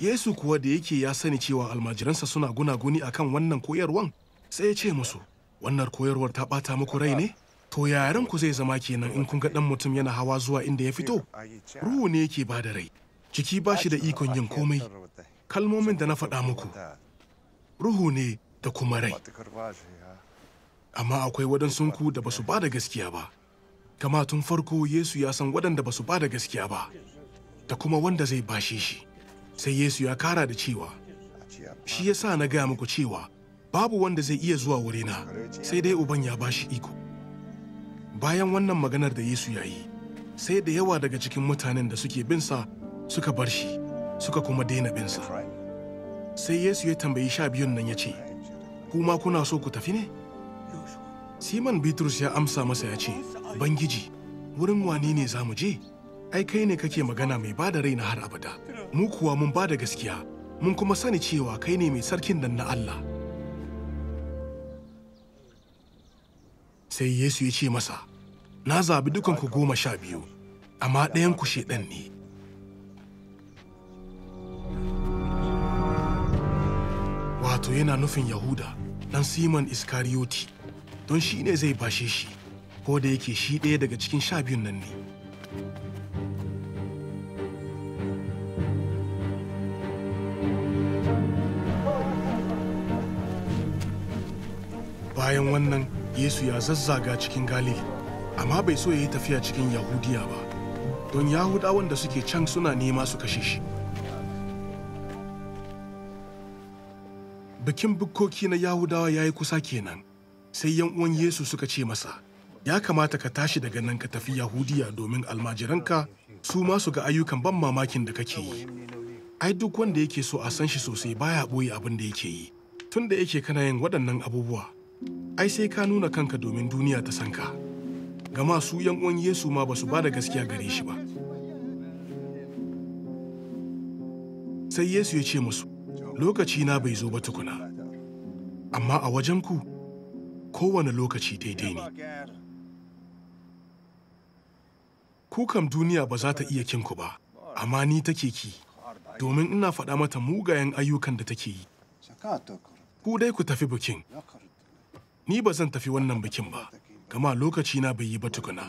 Yesu kuwa da yake ya sani cewa almajiransa suna gunaguni kan wannan koyarwan sai ya ce musu, wannan koyarwar ta ɓata muku rai ne? To yaren ku zai zama kenan in kun ga ɗan mutum yana hawa zuwa inda ya fito? Ruhu ne yake ba da rai, ciki ba shi da ikon yin komai. Kalmomin da na faɗa muku, ruhu ne da kuma rai. Amma akwai waɗansunku da ba su ba da gaskiya ba. Kama tun farko Yesu ya san waɗanda ba su ba da gaskiya ba, da kuma wanda zai bashe shi. sai Yesu ya kara da cewa, Shi ya sa na gaya muku cewa babu wanda zai iya zuwa wurina sai dai Uban ya bashi iko. Bayan wannan maganar da Yesu ya yi, sai da yawa daga cikin mutanen da suke binsa suka bar shi, suka kuma daina binsa. Sai Yesu ya tambayi sha biyun nan ya ce, ku ma kuna so ku tafi ne? Siman Bitrus ya amsa masa ya ce, Bangiji, wurin wani ne za mu je?' ai kai ne kake magana mai bada na har abada mu kuwa mun bada gaskiya mun kuma sani cewa kai ne mai sarkin nan na Allah sai Yesu ya ce masa na zabi dukanku goma sha biyu amma ɗayan ku shedan ne wato yana nufin Yahuda dan simon Iskariyoti don shi ne zai bashe shi ko da yake shi ɗaya daga cikin sha biyun nan ne bayan wannan yesu ya zazzaga cikin galili amma bai so ya yi tafiya cikin yahudiya ba don yahudawan da suke can suna nema su kashe shi bikin bukkoki na yahudawa ya yi kusa kenan sai yan uwan yesu suka ce masa ya kamata ka tashi daga nan ka tafi yahudiya domin almajiranka su masu ga ayyukan ban mamakin da kake yi ai duk wanda yake so a san shi sosai baya ɓoye abin da yake yi tun da yake kana yin waɗannan abubuwa ai sai ka nuna kanka domin duniya ta san ka gama su yan uwan yesu ma ba su ba da gaskiya gare shi ba sai yesu ya ce musu lokaci na bai zo ba tukuna amma a wajen ku kowane lokaci daidai ne ku duniya ba za ta iya kinku ba amma ni take ki domin ina faɗa mata mugayen ayyukan da take yi ku dai ku tafi bikin ni ba zan tafi wannan bikin ba, gama lokaci na bai yi ba tukuna.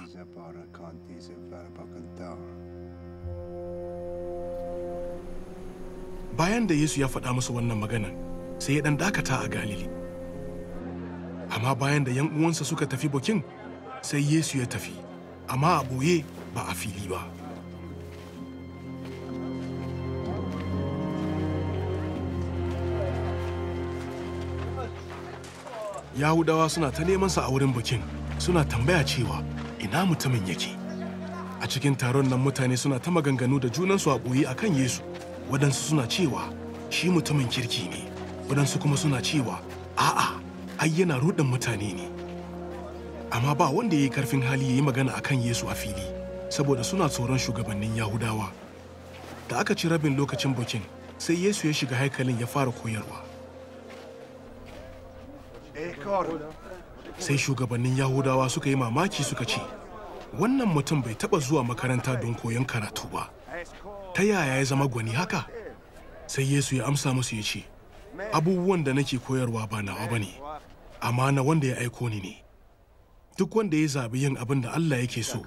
Bayan da Yesu ya faɗa musu wannan maganan, sai ya ɗan dakata a Galili. Amma bayan da ‘yan uwansa suka tafi bukin, sai Yesu ya tafi, amma a boye ba a fili ba. yahudawa suna ta neman sa a wurin bikin suna tambaya cewa ina mutumin yake a cikin taron nan mutane suna ta maganganu da junansu a ɓoye kan yesu waɗansu suna cewa shi mutumin kirki ne waɗansu kuma suna cewa a'a ai yana ruɗin mutane ne amma ba wanda ya yi karfin hali ya yi magana a kan yesu a fili saboda suna tsoron shugabannin yahudawa da aka ci rabin lokacin bikin sai yesu ya shiga haikalin ya fara koyarwa Eh, sai shugabannin yahudawa suka yi mamaki suka ce wannan mutum bai taba zuwa makaranta don koyon karatu ba ta yaya ya zama gwani haka sai yesu ya amsa musu ya ce abubuwan da nake koyarwa ba nawa ba ne amma na wanda ya aiko ni ne duk wanda ya zabi yin abin da allah yake so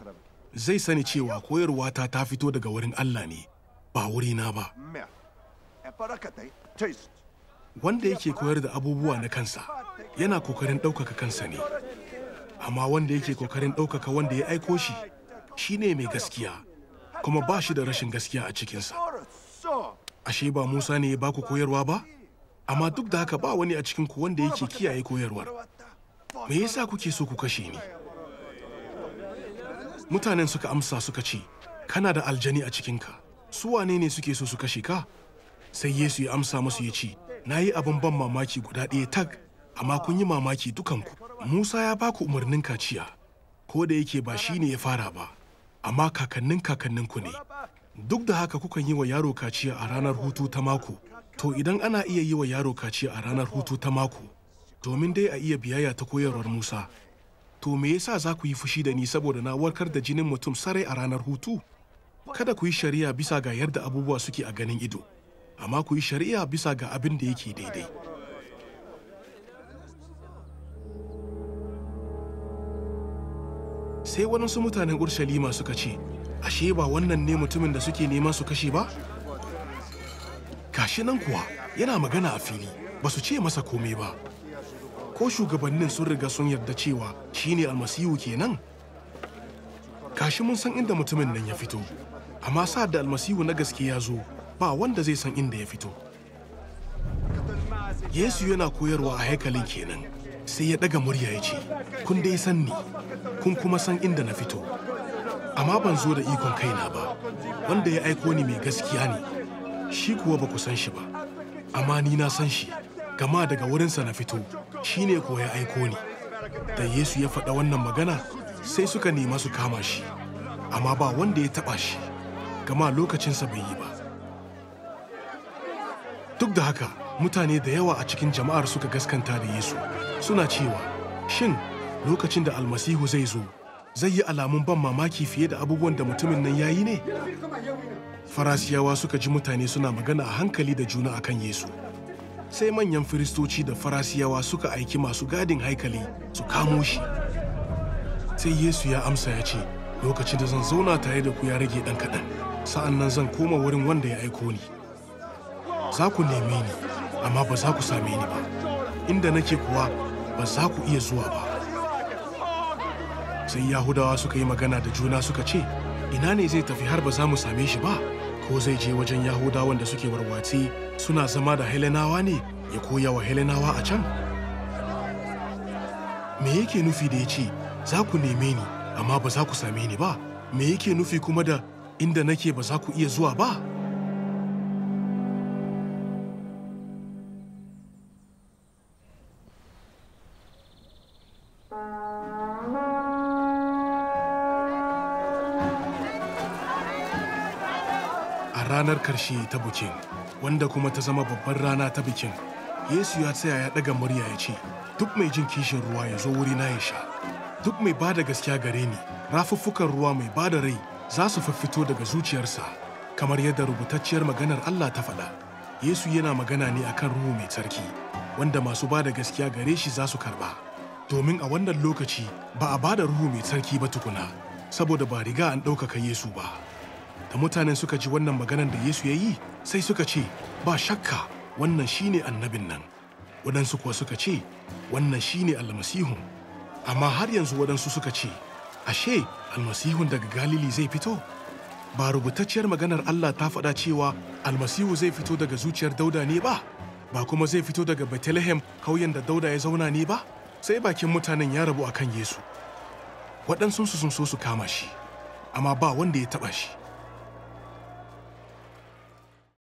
zai sani cewa koyarwa ta ta fito daga wurin allah ne ba wurina ba wanda yake koyar da abubuwa na kansa yana kokarin ɗaukaka kansa ne amma wanda yake kokarin ɗaukaka wanda ya aiko shi shi ne mai gaskiya kuma ba shi da rashin gaskiya a cikinsa ashe ba musa ne ya ba ku koyarwa ba amma duk da haka ba wani a cikinku wanda yake kiyaye koyarwar me yasa kuke so ku kashe ni mutanen suka amsa suka ce kana da aljani a cikinka su wane ne suke so su kashe ka sai yesu ya amsa musu ya ce na yi abin ban mamaki guda ɗaya tag amma kun yi mamaki dukanku musa ya ba ku umarnin kaciya ko da yake ba shi ne ya fara ba amma kakannin kakanninku ne duk da haka kukan yi wa yaro kaciya a ranar hutu ta mako to idan ana iya yi wa yaro kaciya a ranar hutu ta mako domin dai a iya biyayya ta koyarwar musa to me yasa za ku yi fushi da ni saboda na warkar da jinin mutum sarai a ranar hutu kada ku yi shari'a bisa ga yadda abubuwa suke a ganin ido amma ku yi shari'a bisa ga abin da yake daidai sai waɗansu mutanen urshalima suka ce ashe ba wannan ne mutumin da suke nema su kashe ba Kashi nan kuwa yana magana a fili ba su ce masa komai ba ko shugabannin sun riga sun yarda cewa shi ne almasihu kenan Kashi mun san inda mutumin nan ya fito amma sa da almasihu na gaske ya zo ba wanda zai san inda ya fito yesu yana koyarwa a haikalin kenan sai ya daga murya ya ce kun dai san ni kun kuma san inda na fito amma ban zo da ikon kaina ba wanda ya aiko ni mai gaskiya ne shi kuwa ba ku san shi ba amma ni na san shi gama daga wurinsa na fito shi ne kuwa ya aiko ni da yesu ya faɗa wannan magana sai suka nema su kama shi amma ba wanda ya taɓa shi gama lokacinsa bai yi ba Duk da haka, mutane da yawa a cikin jama'ar suka gaskanta da Yesu, suna cewa, shin lokacin da almasihu zai zo, zai yi alamun ban mamaki fiye da abubuwan da mutumin nan ya yi ne? Farasiyawa suka ji mutane suna magana a hankali da juna akan Yesu. Sai manyan firistoci da farasiyawa suka aiki masu gadin haikali su kamo shi. Sai Yesu ya amsa ya ce, lokacin da zan zauna tare da ku ya rage ɗan kaɗan, sa'an nan zan koma wurin wanda ya aiko ni. za ku neme ni amma ba za ku same ni ba inda nake kuwa ba za ku iya zuwa ba sai yahudawa suka yi magana da juna suka ce ina ne zai tafi har ba za mu same shi ba ko zai je wajen yahudawan da suke warwatsi suna zama da helenawa ne ya koya wa helenawa a can me yake nufi da ya ce za ku neme ni amma ba za ku same ni ba me yake nufi kuma da inda nake ba za ku iya zuwa ba ranar karshe ta bikin wanda kuma ta zama babban rana ta bikin yesu ya tsaya ya ɗaga murya ya ce duk mai jin kishin ruwa ya zo wuri na ya sha duk mai ba da gaskiya gare ni rafuffukan ruwa mai ba da rai za su faffito daga zuciyarsa kamar yadda rubutacciyar maganar allah ta faɗa yesu yana magana ne akan ruhu mai tsarki wanda masu ba da gaskiya gare shi za su karɓa domin a wannan lokaci ba a ba da ruhu mai tsarki ba tukuna saboda ba riga an ɗaukaka yesu ba. Da mutanen suka ji wannan maganan da Yesu ya yi, sai suka ce, ba shakka wannan shine annabin nan. Waɗansu kuwa suka ce, wannan shine almasihun. Amma har yanzu waɗansu suka ce, ashe almasihun daga Galili zai fito? Ba rubutacciyar maganar Allah ta faɗa cewa almasihu zai fito daga zuciyar dauda ne ba? Ba kuma zai fito daga Bethlehem kauyen da dauda ya zauna ne ba? Sai bakin mutanen ya rabu akan Yesu. Waɗansunsu sun so su kama shi, amma ba wanda ya taɓa shi.